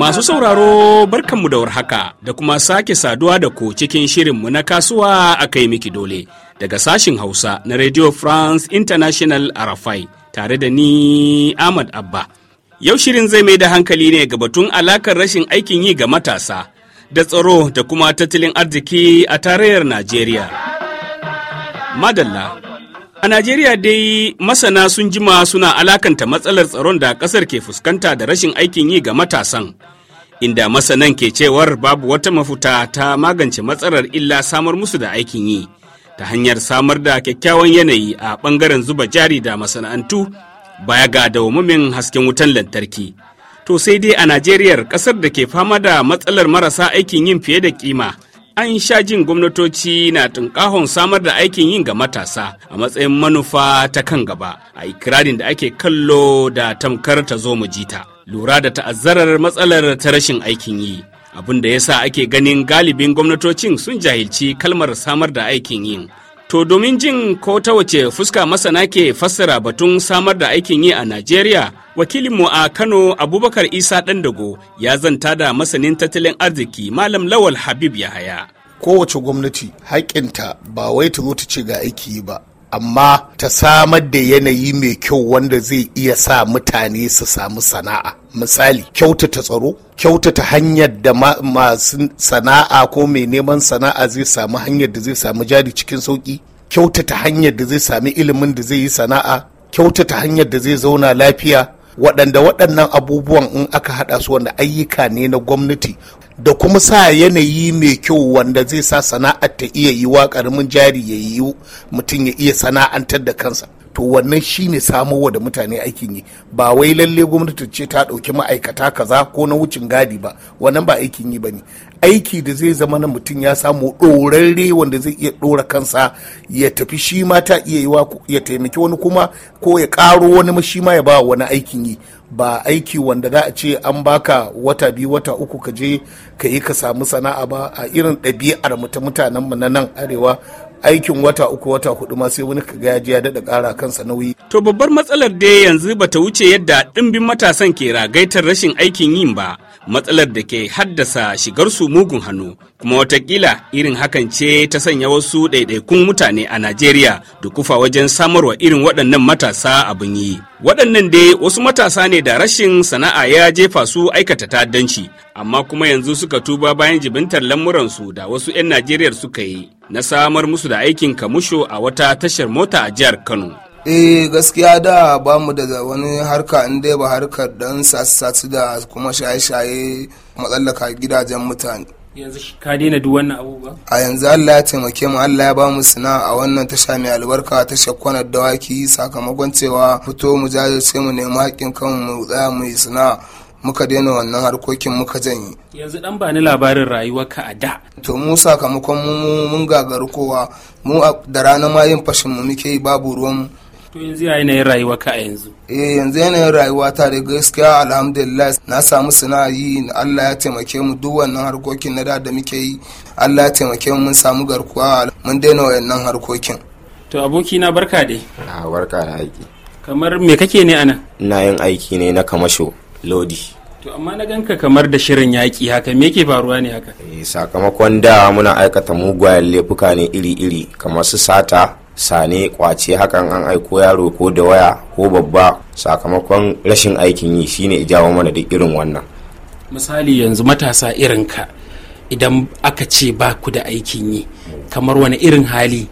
Masu sauraro barkanmu da warhaka da kuma sake saduwa da ku cikin shirinmu na kasuwa a kai miki dole daga sashin Hausa na Radio France International Arafai tare da ni Ahmad Abba. Yau shirin zai mai da hankali ne ga batun alakar rashin aikin yi ga matasa da tsaro da kuma tattalin arziki a tarayyar Najeriya. Madalla A Najeriya dai masana sun jima suna alakanta matsalar tsaron da ƙasar ke fuskanta da rashin aikin yi ga matasan. Inda masanan ke cewar babu wata mafuta ta magance matsalar illa samar musu da aikin yi ta hanyar samar da kyakkyawan yanayi a ɓangaren zuba jari da masana'antu baya ga dawamamin hasken wutan lantarki. To sai dai a Najeriya ƙasar da ke fama da matsalar marasa aikin yin fiye da kima an sha jin gwamnatoci na tunkahon samar da aikin yin ga matasa a matsayin manufa ta kan gaba a ikirarin da ake kallo da tamkar ta zo mu jita lura da ta'azzarar matsalar ta rashin aikin yi abin da yasa ake ganin galibin gwamnatocin sun jahilci kalmar samar da aikin yin To domin jin ko ta wace fuska masana ke fassara batun samar da aikin yi a Najeriya, wakilinmu a Kano Abubakar Isa Dandago ya zanta da masanin tattalin arziki Malam Lawal Habib Yahaya. Kowace gwamnati haƙinta ba wai ta zo ta ce ga aiki ba, amma ta samar da yanayi mai kyau wanda zai iya sa mutane su samu sana'a misali kyautata tsaro kyautata hanyar da masu sana'a ko mai neman sana'a zai samu hanyar da zai samu jari cikin sauki kyautata hanyar da zai sami ilimin da zai yi sana'a kyautata hanyar da zai zauna lafiya waɗanda waɗannan abubuwan in aka haɗa su wanda ayyuka ne na gwamnati da kuma sa yanayi mai kyau wanda zai sa sana'ar ta iya yiwa ƙaramin jari ya yi mutum ya iya sana'antar da kansa to wannan shine samowa da mutane aikin yi ba wai lalle gwamnati ce ta ɗauki ma'aikata kaza ko na wucin gadi ba wannan ba aikin yi ba ne aiki da zai zama na mutum ya samu ɗorarre wanda zai iya ɗora kansa ya tafi shi ma ta iya yiwa ya taimaki wani kuma ko ya ƙaro wani ma shi ma ya ba wani aikin yi ba aiki wanda za a ce an baka wata biyu wata uku ka je ka yi ka samu sana'a ba a irin ɗabi'ar mu mutanen mu na nan arewa aikin wata uku wata hudu ma sai wani kaga ya ya daɗa ƙara kansa nauyi. To babbar matsalar dai yanzu bata wuce yadda ɗimbin matasan ke ragaitar rashin aikin yin ba matsalar da ke haddasa shigar su mugun hannu kuma watakila irin hakan ce ta sanya wasu ɗaiɗaikun mutane a Najeriya kufa wajen samarwa irin waɗannan matasa abin yi. Waɗannan dai wasu matasa ne da rashin sana'a ya jefa su aikata ta'addanci amma kuma yanzu suka tuba bayan jibintar lamuransu da wasu 'yan Najeriya suka yi. na samar musu da aikin kamusho a wata tashar mota a jihar Kano. eh gaskiya da ba mu da wani harka in ba harkar dan sassu da kuma shaye-shaye matsalaka gidajen mutane yanzu ka daina duk wannan abubuwa a yanzu Allah ya taimake mu Allah ya ba mu a wannan tasha mai albarka ta shakwanar dawaki sakamakon cewa fito mu jajirce mu nemi haƙƙin kanmu mu tsaya mu yi sana'a muka daina wannan harkokin muka janye yanzu dan ba ni labarin rayuwarka a da to mu sakamakon mu mun gagaru kowa mu da rana ma yin fashin mu muke yi babu ruwan to yanzu ya yanayin rayuwa ka a yanzu eh yanzu yanayin rayuwa ta da gaskiya alhamdulillah na samu sana'a Allah ya taimake mu duk wannan harkokin na da da muke yi Allah ya taimake mu mun samu garkuwa mun daina wannan harkokin to aboki na barka dai a ah, barka da aiki kamar me kake ne anan ina yin aiki ne na kamasho lodi to amma na ganka kamar da shirin yaƙi haka me yake faruwa ne haka eh, sakamakon da muna aikata mugayen laifuka ne iri-iri kamar su sata sane kwace hakan an aiko yaro ko da waya ko babba sakamakon rashin aikin yi shine jawo mana duk irin wannan misali yanzu matasa irin ka idan aka ce ba ku da aikin yi kamar wani irin hali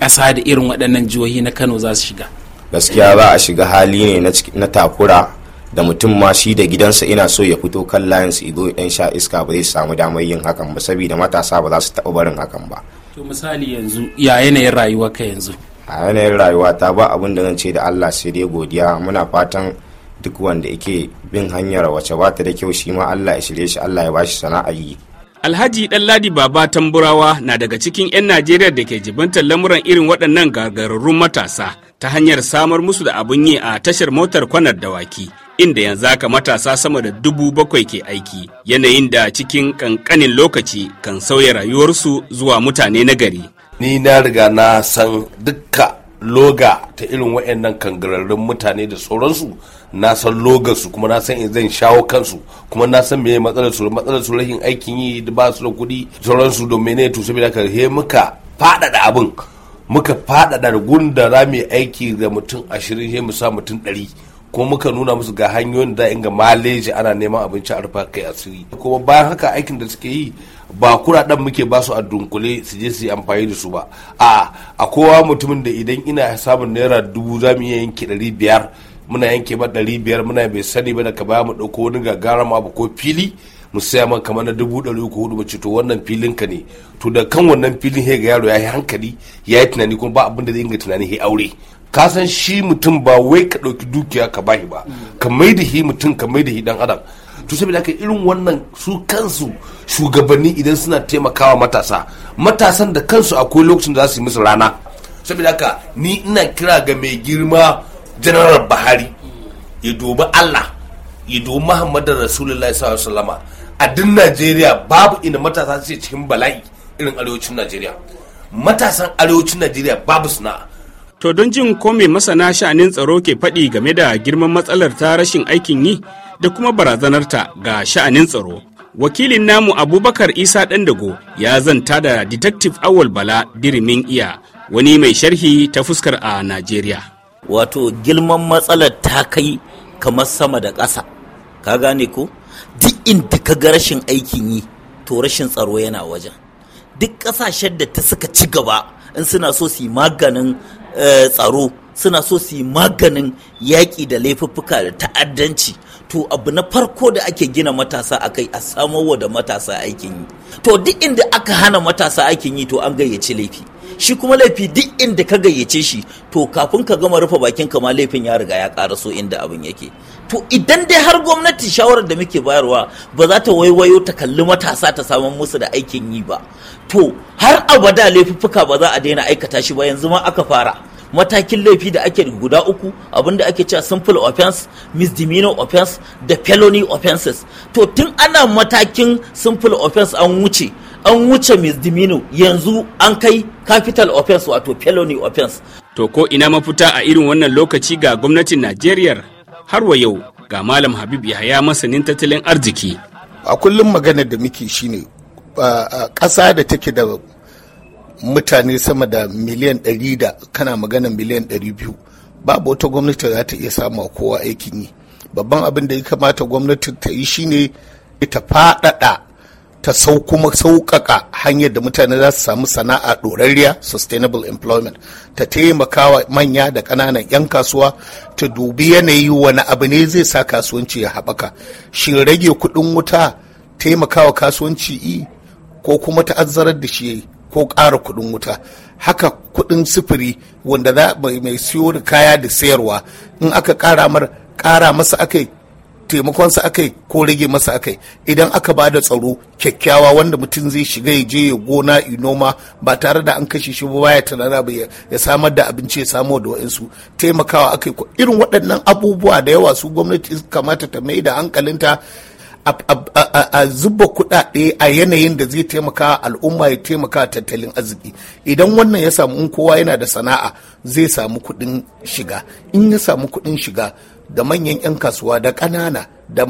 ƙasa da irin waɗannan jihohi na kano za su shiga gaskiya za a shiga hali ne na takura da mutum ma shi da gidansa ina so ya fito kan layin su ido yan sha iska ba zai samu damar yin hakan ba saboda matasa ba za su taɓa barin hakan ba to misali yanzu ya yanayin rayuwa ka yanzu a yanayin rayuwa ta ba abin da zan ce da Allah sai dai godiya muna fatan duk wanda yake bin hanyar wace ba ta da kyau shi ma Allah ya shirye shi Allah ya bashi sana'a yi Alhaji Ɗanladi Baba Tamburawa na daga cikin 'yan Najeriya da ke jibantar lamuran irin waɗannan gagararrun matasa ta hanyar samar musu da abin yi a tashar motar kwanar dawaki. inda yanzu haka matasa sama da dubu bakwai ke aiki yanayin da cikin kankanin lokaci kan sauya rayuwarsu zuwa mutane na gari. Ni na riga na san dukka loga ta irin waɗannan kangararrun mutane da sauransu na san logansu kuma na san zan shawo kansu kuma na san meye matsalar su matsalar su aikin yi da ba su da kuɗi sauransu don mene to saboda ka he muka faɗaɗa abin muka faɗaɗa gun da za mu aiki da mutum ashirin he mu sa mutum ɗari ko muka nuna musu ga hanyoyin da inga maleji ana neman abinci a rufa kai asiri kuma bayan haka aikin da suke yi ba kuraɗen muke basu a dunkule su je su amfani da su ba a a kowa mutumin da idan ina samun naira dubu za mu iya yanke ɗari biyar muna yanke ba ɗari biyar muna bai sani ba da ka baya mu ɗauko wani gagara abu ko fili mu saya man kamar na dubu ɗari uku hudu mace to wannan filin ka ne to da kan wannan filin he yaro ya yi hankali ya yi tunani kuma ba abin da zai inga tunani ya aure ka san shi mutum ba wai ka ɗauki dukiya ka bashi ba ka mai da shi mutum ka mai da shi dan adam to saboda haka irin wannan su kansu shugabanni idan suna taimakawa matasa matasan da kansu akwai lokacin da za su yi musu rana saboda haka ni ina kira ga mai girma janaral buhari ya dubi allah ya dubi muhammadu rasulullah sallallahu alaihi wasallama a duk najeriya babu ina matasa cikin bala'i irin arewacin najeriya matasan arewacin najeriya babu sana'a To don jin ko mai masana sha'anin tsaro ke faɗi game da girman matsalar ta rashin aikin yi da kuma barazanarta ga sha'anin tsaro. Wakilin namu Abubakar Isa Dandago ya zanta da Detective Awal Bala Birimin Iya wani mai sharhi ta fuskar a Najeriya. Wato girman matsalar ta kai kamar sama da ƙasa. Ka gane ko? Duk inda ka ga rashin aikin yi to rashin tsaro yana wajen. Duk ƙasashen da ta suka ci gaba in suna so su yi maganin tsaro suna so su yi maganin yaƙi da laifuffuka da ta'addanci to abu na farko da ake gina matasa a kai a wa da matasa aikin yi to duk inda aka hana matasa aikin yi to an gayyace laifi shi kuma laifi duk inda ka gayyace shi to kafin ka gama rufe bakin ka ma laifin ya riga ya ƙara so inda abin yake to idan dai har gwamnati shawarar da muke bayarwa ba za ta waiwayo ta kalli matasa ta samun musu da aikin yi ba to har abada laifuffuka ba za a daina aikata shi ba yanzu ma aka fara matakin laifi da ake guda uku abin da ake cewa simple offense misdemeanor offense da felony offenses to tun ana matakin simple offense an wuce an wuce misdemeanor yanzu an kai capital offense wato felony offense to ko ina mafita a irin wannan lokaci ga gwamnatin najeriya har wa yau ga malam habib yahaya masanin tattalin arziki a kullum maganar da muke shine ƙasa da take da mutane sama da miliyan 100 da kana magana miliyan 200 babu wata gwamnati za ta iya samu kowa aikin yi babban abin da ya kamata gwamnati ta yi shine ta faɗaɗa ta sau kuma sauƙaƙa hanyar da mutane za su samu sana'a ɗorarriya sustainable employment ta taimakawa manya da ƙananan 'yan kasuwa ta dubi yanayi wani abu ne zai sa kasuwanci ya haɓaka shin rage kuɗin wuta taimakawa kasuwanci ko kuma ta'azzarar da shi yayi ko ƙara kuɗin wuta haka kuɗin sufuri wanda za mai siyo da kaya da sayarwa in aka ƙara mar ƙara masa akai aka akai ko rage masa akai idan aka ba da tsaro kyakkyawa wanda mutum zai shiga ya je ya gona ya noma ba tare da an kashe shi ba baya tunana ba ya samar da abinci ya samo da wa'insu taimakawa yi irin waɗannan abubuwa da yawa su gwamnati kamata ta mai da hankalinta a zuba kuɗaɗe a yanayin da zai taimaka al'umma ya taimaka tattalin arziki idan wannan ya samu in kowa yana da sana'a zai samu kuɗin shiga in ya samu kuɗin shiga da manyan 'yan kasuwa da ƙanana da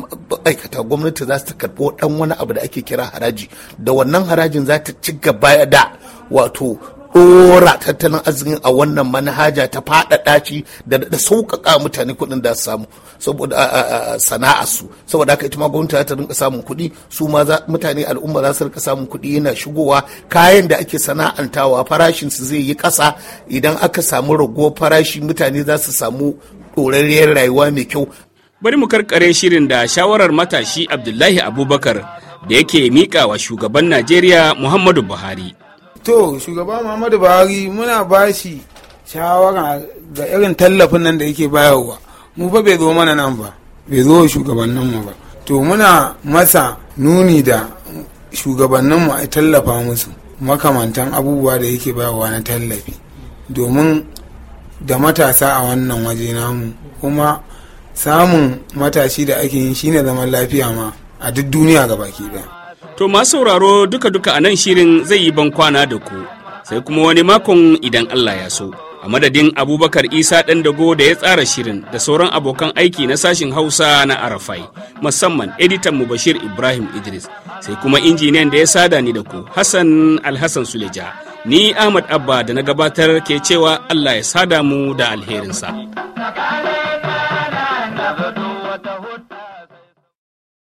aikata gwamnati za su karɓo ɗan wani abu da ake kira haraji da wannan harajin za ta ci gaba da wato dora tattalin arzikin a wannan manhaja ta faɗaɗa shi da da sauƙaƙa mutane kuɗin da su samu saboda sana'a su saboda haka ita ma gwamnati ta rinka samun kuɗi su ma mutane al'umma za su rinka samun kuɗi yana shigowa kayan da ake sana'antawa farashin su zai yi ƙasa idan aka samu raguwar farashi mutane za su samu ɗorarriyar rayuwa mai kyau bari mu karkare shirin da shawarar matashi abdullahi abubakar da yake miƙa wa shugaban najeriya muhammadu buhari to shugaba muhammadu buhari muna bashi shawara ga irin tallafin nan da yake bayarwa mu fa bai zo mana nan ba bai zo shugabanninmu ba to muna masa nuni da shugabanninmu a tallafa musu makamantan abubuwa da yake bayarwa na tallafi domin da matasa a wannan waje namu kuma samun matashi da ake yin shine zaman lafiya ma a duk duniya ga baki ɗaya. To masu sauraro duka-duka a nan shirin zai yi ban kwana da ku, sai kuma wani makon idan Allah ya so. A madadin Abubakar Isa ɗan dago da ya tsara shirin da sauran abokan aiki na sashin Hausa na Arafai, musamman editan mu Bashir Ibrahim Idris, sai kuma injiniyan da ya sada ni da ku Hassan Alhassan Suleja. Ni Ahmad Abba da na gabatar ke cewa Allah ya sada mu da alherinsa.